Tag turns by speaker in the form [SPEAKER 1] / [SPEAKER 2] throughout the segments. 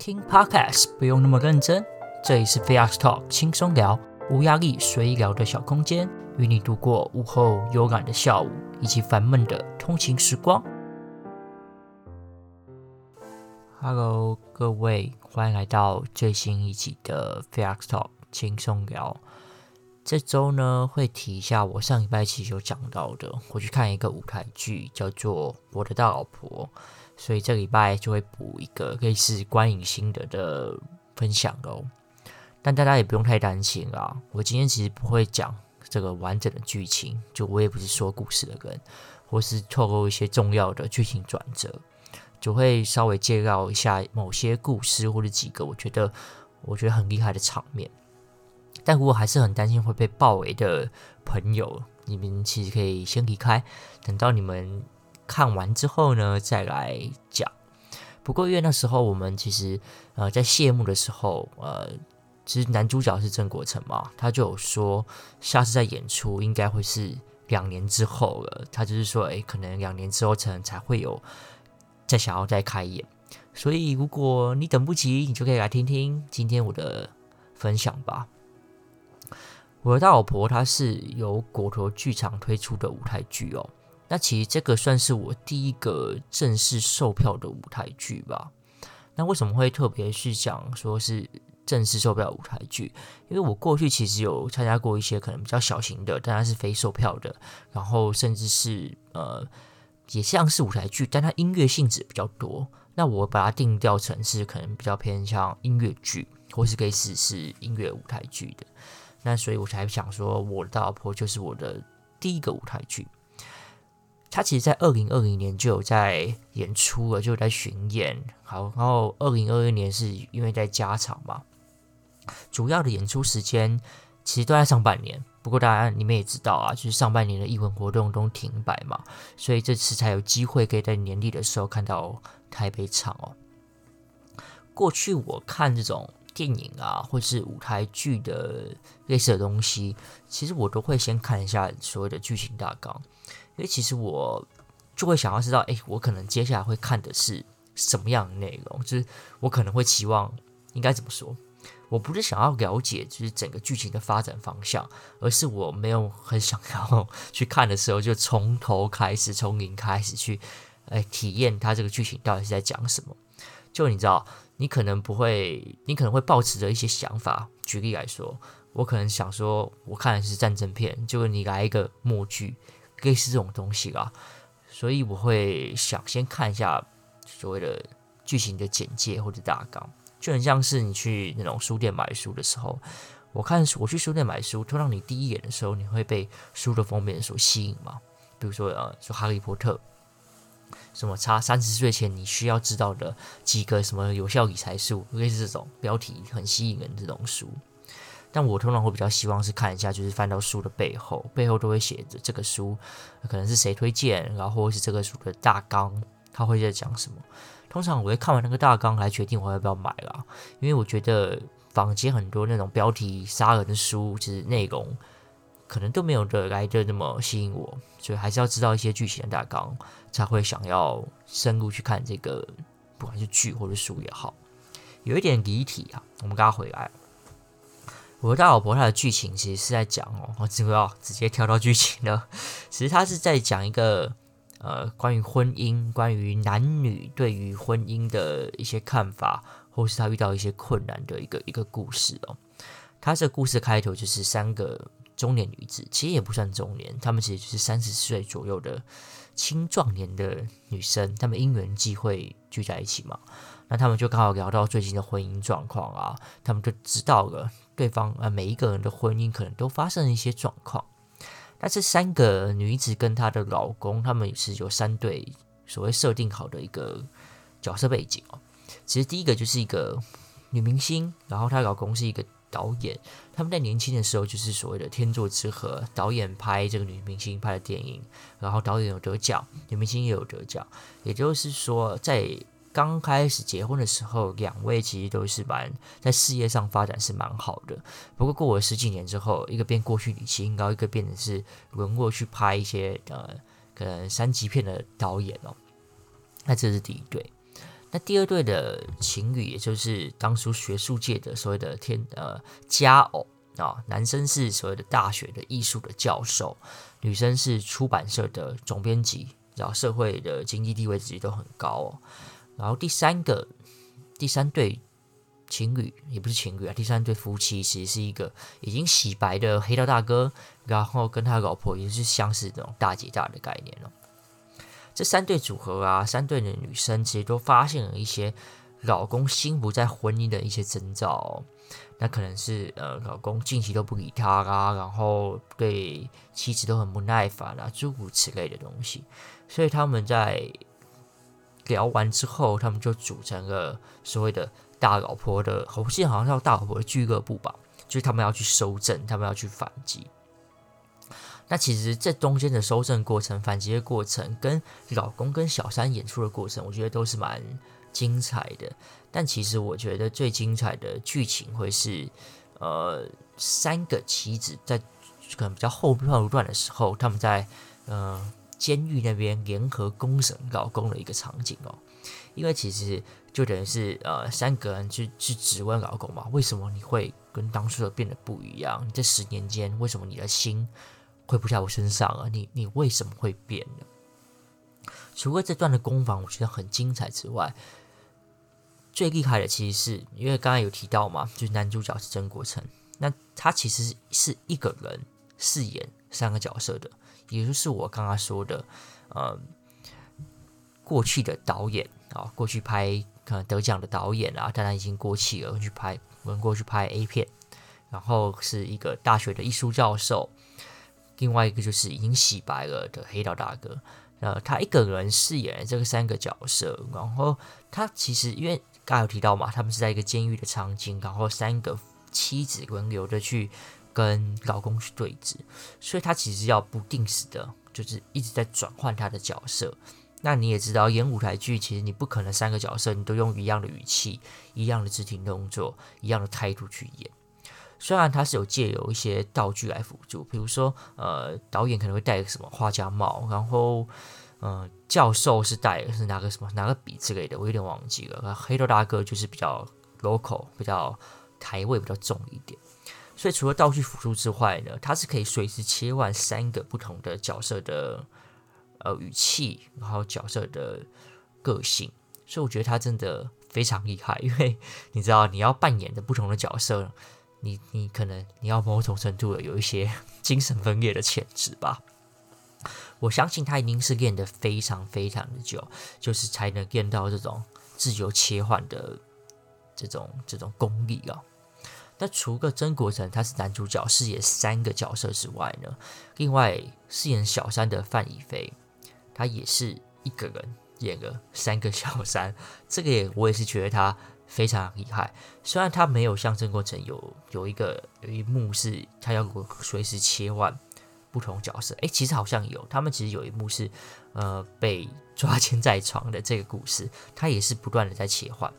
[SPEAKER 1] 聽 Podcast 不用那麼認真，這裡是 Facts Talk 輕鬆聊，無壓力隨意聊的小空間，與你度過午後悠然的下午以及煩悶的通勤時光。Hello，各位歡迎來到最新一集的 Facts Talk 輕鬆聊。這週呢，會提一下我上禮拜期有講到的，我去看一個舞台劇，叫做《我的大老婆》。所以這禮拜就會補一個類似觀影心得的分享囉，但大家也不用太擔心啊。我今天其實不會講這個完整的劇情，就我也不是說故事的人，或是透過一些重要的劇情轉折，就會稍微介紹一下某些故事或者幾個我覺得我覺得很厲害的場面。但如果還是很擔心會被爆雷的朋友，你們其實可以先離開，等到你們。看完之後呢，再來講。不過因為那時候我們其實呃在謝幕的時候，呃其實男主角是鄭國成嘛，他就有說下次再演出應該會是兩年之後了。他就是說，哎、欸，可能兩年之後才才會有再想要再開演。所以如果你等不及，你就可以來聽聽今天我的分享吧。我的大老婆它是由果陀劇場推出的舞台劇哦。那其實這個算是我第一個正式售票的舞台劇吧。那為什麼會特別去講說是正式售票的舞台劇？因為我過去其實有參加過一些可能比較小型的，但它是非售票的，然後甚至是呃也像是舞台劇，但它音樂性質比較多。那我把它定調成是可能比較偏向音樂劇，或是可以說是音樂舞台劇的。那所以我才想說，我的大老婆就是我的第一個舞台劇。他其實，在二零二零年就有在演出了，就有在巡演。好，然後二零二一年是因為在加場嘛，主要的演出時間其實都在上半年。不過大家你們也知道啊，就是上半年的藝文活動都停擺嘛，所以這次才有機會可以在年底的時候看到台北場哦。過去我看這種電影啊，或是舞台劇的類似的東西，其實我都會先看一下所謂的劇情大綱。所以其實我就會想要知道，哎、欸，我可能接下來會看的是什麼樣的內容？就是我可能會期望，應該怎麼說？我不是想要了解就是整個劇情的發展方向，而是我沒有很想要去看的時候，就從頭開始，從零開始去，欸、體驗它這個劇情到底是在講什麼？就你知道，你可能不會，你可能會抱持着一些想法。舉例來說，我可能想說，我看的是戰爭片，就你來一個默劇。類似這種東西啦，所以我會想先看一下所謂的劇情的簡介或者大綱，就很像是你去那種書店買書的時候，我看書我去書店買書，通常你第一眼的時候你會被書的封面所吸引嘛。比如說呃、嗯，說《哈利波特》，什麼差三十歲前你需要知道的幾個什麼有效理財術，類似這種標題很吸引人的這種書。但我通常會比較希望是看一下，就是翻到書的背後，背後都會寫着這個書可能是誰推薦，然後或是這個書的大綱，他會在講什麼。通常我會看完那個大綱來決定我要不要買啦，因為我覺得坊間很多那種標題殺人的書，其實內容可能都沒有來得那麼吸引我，所以還是要知道一些劇情的大綱才會想要深入去看這個，不管是劇或者書也好。有一點離題啊，我們剛剛回來。我的大老婆，她的劇情其實是在講哦，我知不知道直接跳到劇情了，其實她是在講一個呃，關於婚姻、關於男女對於婚姻的一些看法，或是她遇到一些困難的一個一個故事哦。她這故事開頭就是三個中年女子，其實也不算中年，她們其實就是三十歲左右的青壯年的女生，她們因緣際會。聚在一起嘛，那他們就剛好聊到最近的婚姻狀況啊，他們就知道了對方啊，呃，每一個人的婚姻可能都發生了一些狀況。那這三個女子跟她的老公，他們也是有三對所謂設定好的一個角色背景。其實第一個就是一個女明星，然後她老公是一個。導演他們在年輕的時候就是所謂的天作之合，導演拍這個女明星拍的電影，然後導演有得獎，女明星也有得獎，也就是說在剛開始結婚的時候，兩位其實都是蠻在事業上發展是蠻好的。不過過了十幾年之後，一個變過去女星，然後一個變成是淪落去拍一些呃可能三級片的導演哦。那這是第一對。那第二對的情侶，也就是當初學術界的所謂的天，呃，佳偶啊，然後男生是所謂的大學的藝術的教授，女生是出版社的總編輯，然後社會的經濟地位其實都很高哦。然後第三個，第三對情侶也不是情侶啊，第三對夫妻其實是一個已經洗白的黑道大哥，然後跟他老婆也是相似這種大姐大的概念了哦。這三對組合啊，三對的女生其實都發現了一些老公心不在婚姻的一些徵兆，那可能是呃老公近期都不理她啊，然後對妻子都很不耐煩啊，諸如此類的東西。所以他們在聊完之後，他們就組成了所謂的“大老婆”的，好像好像叫“大老婆的俱樂部”吧，就是他們要去搜證，他們要去反擊。那其實這中間的蒐證過程、反擊的過程，跟老公跟小三演出的過程，我覺得都是蠻精彩的。但其實我覺得最精彩的劇情會是，呃，三個妻子在可能比較後半段的時候，他們在呃監獄那邊聯合公審老公的一個場景哦。因為其實就等於是呃三個人去去質問老公嘛，為什麼你會跟當初的變得不一樣？你這十年間，為什麼你的心？會不在我身上啊？你你為什麼會變呢？除了這段的攻防，我覺得很精彩之外，最厲害的其實是因為剛才有提到嘛，就是男主角是曾國城。那他其實是一個人飾演三個角色的，也就是我剛剛說的，嗯，過去的導演啊，過去拍可能得獎的導演啊，當然已經過氣了，去拍，我們過去拍 A 片，然後是一個大學的藝術教授。另外一個就是已經洗白了的黑道大哥，呃，他一個人飾演了這個三個角色，然後他其實因為剛有提到嘛，他們是在一個監獄的場景，然後三個妻子輪流的去跟老公去對峙，所以他其實要不定時的，就是一直在轉換他的角色。那你也知道，演舞台劇其實你不可能三個角色你都用一樣的語氣、一樣的肢體動作、一樣的態度去演。雖然他是有借由一些道具來輔助，比如說，呃，導演可能會戴個什麼畫家帽，然後，嗯、呃，教授是戴是拿個什麼拿個筆之類的，我有點忘記了。黑道大哥就是比較 local，比較台味比較重一點。所以除了道具輔助之外呢，他是可以隨時切換三個不同的角色的呃語氣，然後角色的個性。所以我覺得他真的非常厲害，因為你知道你要扮演的不同的角色，你你可能你要某種程度的有一些精神分裂的潛質吧，我相信他一定是練得非常非常的久，就是才能練到這種自由切換的這種這種功力啊。那除個曾國城他是男主角飾演三個角色之外呢，另外飾演小三的范逸飛，他也是一個人演了三個小三，這個也我也是覺得他。非常厲害，雖然他沒有象徵過程有，有有一個有一幕是他要隨時切換不同角色，誒、欸，其實好像有，他們其實有一幕是呃被抓奸在床的這個故事，他也是不斷的在切換，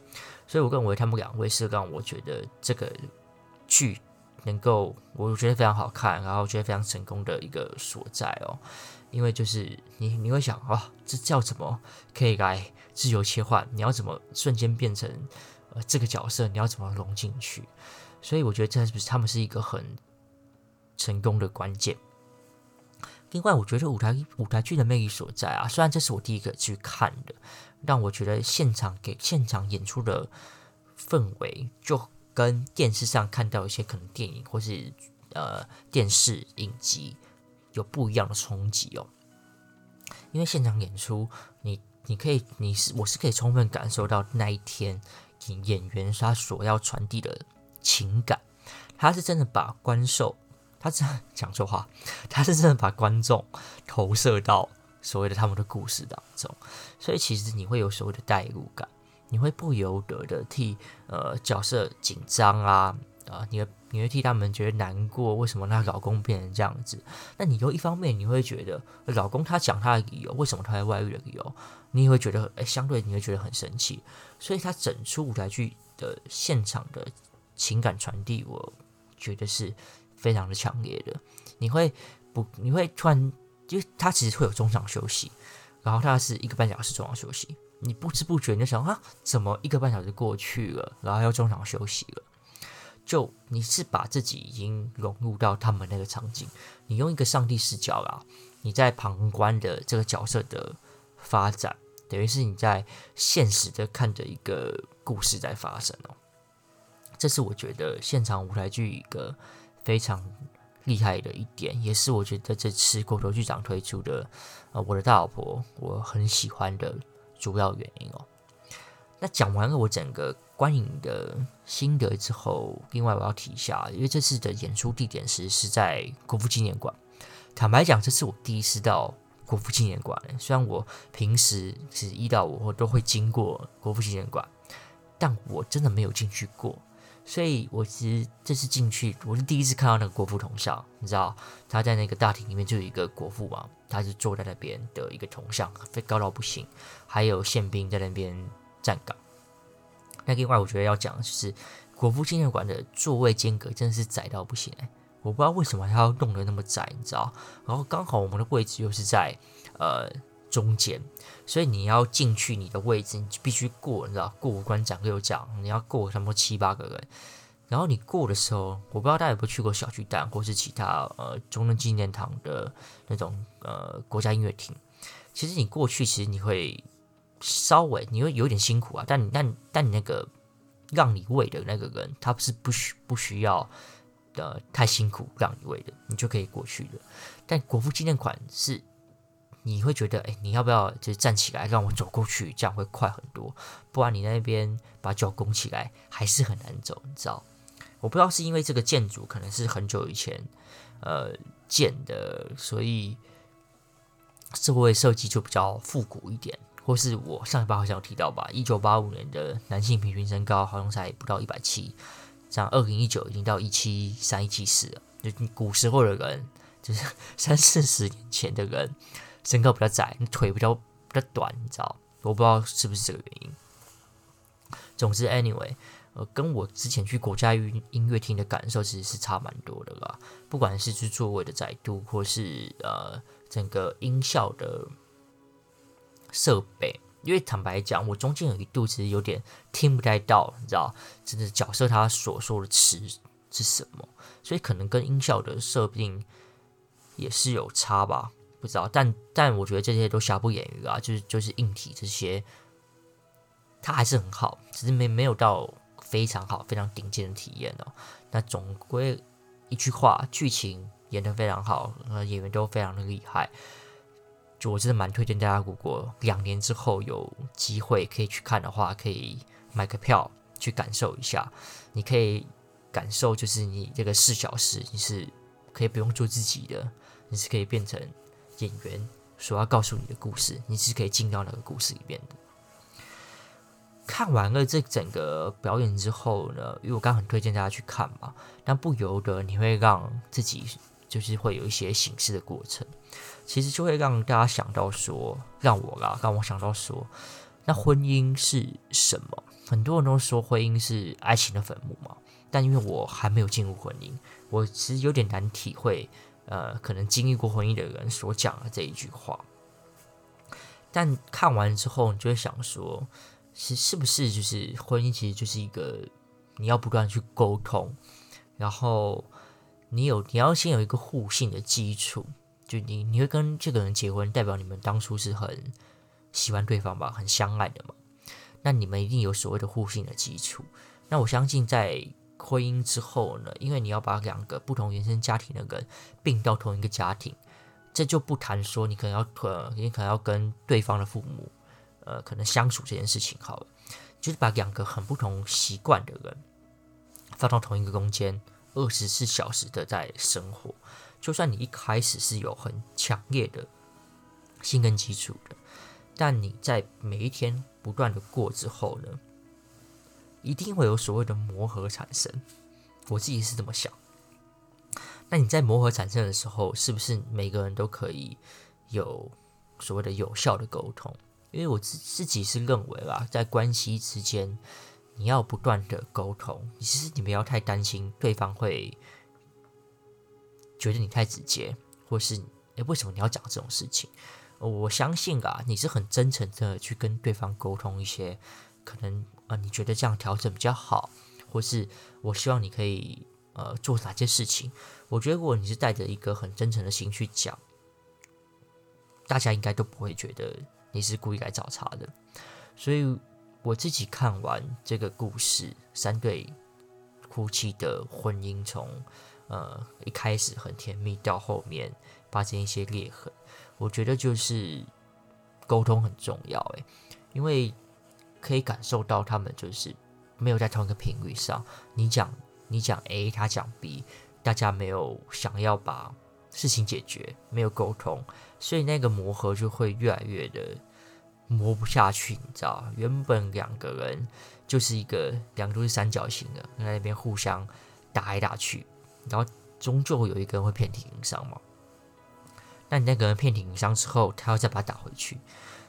[SPEAKER 1] 所以我認為他們兩位是讓我覺得這個劇能夠我覺得非常好看，然後覺得非常成功的一個所在哦，因為就是你你會想哦，這叫什麼可以來自由切換，你要怎麼瞬間變成？呃，這個角色你要怎麼融進去？所以我覺得這是不是他們是一個很成功的關鍵。另外，我覺得舞台舞台劇的魅力所在啊，雖然這是我第一個去看的，讓我覺得現場給現場演出的氛圍，就跟電視上看到一些可能電影或是呃電視影集有不一樣的衝擊哦。因為現場演出，你你可以你是我是可以充分感受到那一天。演員他所要傳遞的情感，他是真的把觀眾，他這樣講錯話，他是真的把觀眾投射到所謂的他們的故事當中，所以其實你會有所謂的代入感，你會不由得的替呃角色緊張啊。啊，你你會替他們覺得難過，為什麼她老公變成這樣子？那你又一方面，你會覺得老公他講他的理由，為什麼他在外遇的理由，你也會覺得，哎、欸，相對你會覺得很神奇。所以他整出舞台劇的現場的情感傳遞，我覺得是非常的強烈的。你會不，你會突然，就他其實會有中場休息，然後他是一個半小時中場休息，你不知不覺你就想啊，怎麼一個半小時過去了，然後又中場休息了。就你是把自己已經融入到他們那個場景，你用一個上帝視角啦、啊，你在旁觀的這個角色的發展，等於是你在現實的看着一個故事在發生哦。這是我覺得現場舞台劇一個非常厲害的一點，也是我覺得這次果陀劇場推出的、呃《我的大老婆》我很喜歡的主要原因哦。那講完了我整個。觀影的心得之後，另外我要提一下，因為這次的演出地點是是在國父紀念館。坦白講，這是我第一次到國父紀念館。雖然我平時是一到五我都會經過國父紀念館，但我真的沒有進去過。所以我其實這次進去，我是第一次看到那個國父銅像。你知道他在那個大廳裡面就有一個國父嘛？他是坐在那邊的一個銅像，高到不行，還有憲兵在那邊站崗。那另外我覺得要講的，就是國父紀念館的座位間隔真的是窄到不行哎、欸，我不知道為什麼他要弄得那麼窄，你知道？然後剛好我們的位置又是在呃中間，所以你要進去你的位置，你就必須過，你知道？過五關斬六將，你要過什麼七八個人？然後你過的時候，我不知道大家有沒有去過小巨蛋或是其他呃中正紀念堂的那種呃國家音樂廳，其實你過去其實你會。稍微你會有點辛苦啊，但但但你那個讓你位的那個人，他是不需不需要的太辛苦讓你位的，你就可以過去的。但國父紀念館是你會覺得，哎、欸，你要不要就站起來讓我走過去，這樣會快很多。不然你那邊把腳弓起來還是很難走，你知道？我不知道是因為這個建築可能是很久以前呃建的，所以社會設計就比較復古一點。或是我上一趴好像有提到吧，一九八五年的男性平均身高好像才不到一百七，這樣二零一九已經到一七三一七四了。就古時候的人，就是三四十年前的人，身高比較窄，你腿比較比較短，你知道？我不知道是不是這個原因。總之，anyway，呃，跟我之前去國家音音樂廳的感受其實是差蠻多的吧。不管是去座位的窄度，或是呃整個音效的。設備，因為坦白講，我中間有一度其實有點聽不太到，你知道，真的角色他所說的詞是什麼，所以可能跟音效的設定也是有差吧，不知道。但但我覺得這些都瑕不掩瑜啊，就是就是硬體這些，它還是很好，只是沒沒有到非常好、非常頂尖的體驗哦、喔。那總歸一句話，劇情演得非常好，呃，演員都非常的厲害。就我真的蠻推薦大家，如果兩年之後有機會可以去看的話，可以買個票去感受一下。你可以感受，就是你這個四小時你是可以不用做自己的，你是可以變成演員所要告訴你的故事，你是可以進到那個故事裡邊的。看完了這整個表演之後呢，因為我剛很推薦大家去看嘛，但不由得你會讓自己。就是會有一些形式的過程，其實就會讓大家想到說，讓我啦，讓我想到說，那婚姻是什麼？很多人都說婚姻是愛情的墳墓嘛，但因為我還沒有進入婚姻，我其實有點難體會，呃，可能經歷過婚姻的人所講的這一句話。但看完之後，你就會想說，是是不是就是婚姻？其實就是一個你要不斷去溝通，然後。你有，你要先有一個互信的基礎，就你你會跟這個人結婚，代表你們當初是很喜歡對方吧，很相愛的嘛。那你們一定有所謂的互信的基礎。那我相信在婚姻之後呢，因為你要把兩個不同原生家庭的人並到同一個家庭，這就不談說你可能要呃，你可能要跟對方的父母呃，可能相處這件事情好了，就是把兩個很不同習慣的人放到同一個空間。二十四小時的在生活，就算你一開始是有很強烈的性跟基礎的，但你在每一天不斷的過之後呢，一定會有所謂的磨合產生。我自己是這麼想。那你在磨合產生的時候，是不是每個人都可以有所謂的有效的溝通？因為我自自己是認為啦，在關係之間。你要不斷的溝通，其實你不要太擔心對方會覺得你太直接，或是誒、欸，為什麼你要講這種事情？我相信啊，你是很真誠的去跟對方溝通一些，可能啊、呃，你覺得這樣調整比較好，或是我希望你可以呃做哪些事情？我覺得如果你是帶着一個很真誠的心去講，大家應該都不會覺得你是故意來找茬的，所以。我自己看完這個故事，三對夫妻的婚姻，從呃一開始很甜蜜，到後面發生一些裂痕，我覺得就是溝通很重要、欸，誒，因為可以感受到他們就是沒有在同一個頻率上，你講你講 A，他講 B，大家沒有想要把事情解決，沒有溝通，所以那個磨合就會越來越的。磨不下去，你知道，原本兩個人就是一個，兩個都是三角形的，跟在那邊互相打來打去，然後終究有一個人會遍體鱗傷嘛。那你那個人遍體鱗傷之後，他要再把他打回去，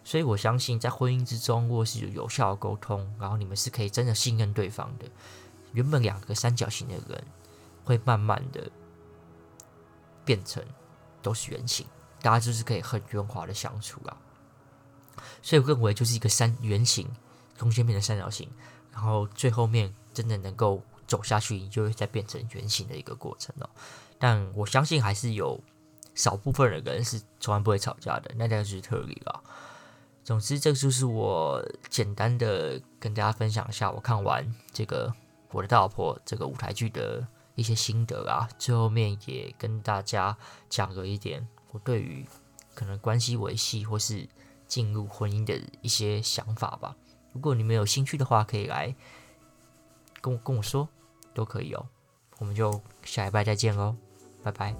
[SPEAKER 1] 所以我相信在婚姻之中，如果是有有效的溝通，然後你們是可以真的信任對方的。原本兩個三角形的人，會慢慢的變成都是圓形，大家就是可以很圓滑的相處啊。所以我認為就是一個三圓形，中間變成三角形，然後最後面真的能夠走下去，你就會再變成圓形的一個過程哦。但我相信還是有少部分的人是從來不會吵架的，那這個就是特例啦。總之，這就是我簡單的跟大家分享一下我看完這個《我的大老婆》這個舞台劇的一些心得啊。最後面也跟大家講了一點，我對於可能關係維繫或是。進入婚姻的一些想法吧。如果你們有興趣的話，可以來跟我跟我說，說都可以哦。我們就下禮拜再見嘍，拜拜。